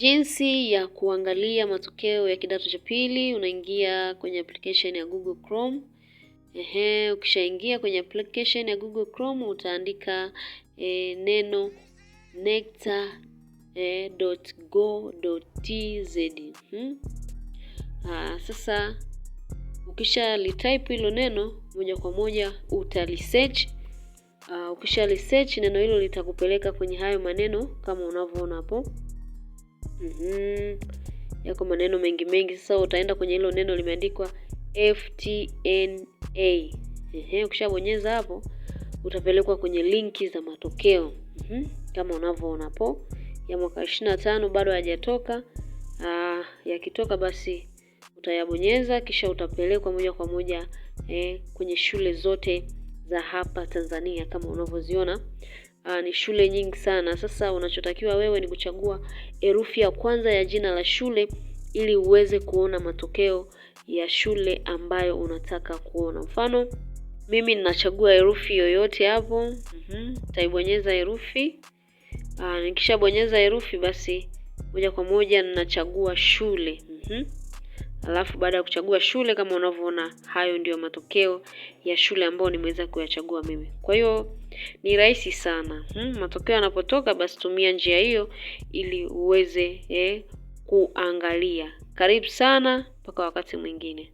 Jinsi ya kuangalia matokeo ya kidato cha pili, unaingia kwenye application ya Google Chrome. Ehe, ukishaingia kwenye application ya Google Chrome utaandika e, neno necta.go.tz e, hmm? Ah, sasa ukisha litype hilo neno moja kwa moja utalisearch. Ah, ukisha research neno hilo litakupeleka kwenye hayo maneno kama unavyoona hapo mm -hmm. Yako maneno mengi mengi. Sasa utaenda kwenye hilo neno limeandikwa FTNA. Ehe, ukishabonyeza hapo utapelekwa kwenye linki za matokeo mm -hmm. Kama unavyoona hapo ya mwaka ishirini na tano bado hayajatoka. Ah, yakitoka basi utayabonyeza kisha utapelekwa moja kwa moja eh, kwenye shule zote za hapa Tanzania kama unavyoziona uh, ni shule nyingi sana. Sasa unachotakiwa wewe ni kuchagua herufi ya kwanza ya jina la shule ili uweze kuona matokeo ya shule ambayo unataka kuona. Mfano mimi ninachagua herufi yoyote hapo, mm-hmm, nitaibonyeza herufi uh, nikishabonyeza herufi basi moja kwa moja ninachagua shule mm-hmm. Alafu baada ya kuchagua shule, kama unavyoona, hayo ndiyo matokeo ya shule ambayo nimeweza kuyachagua mimi. Kwa hiyo ni rahisi sana hmm. Matokeo yanapotoka, basi tumia njia hiyo ili uweze eh, kuangalia. Karibu sana, mpaka wakati mwingine.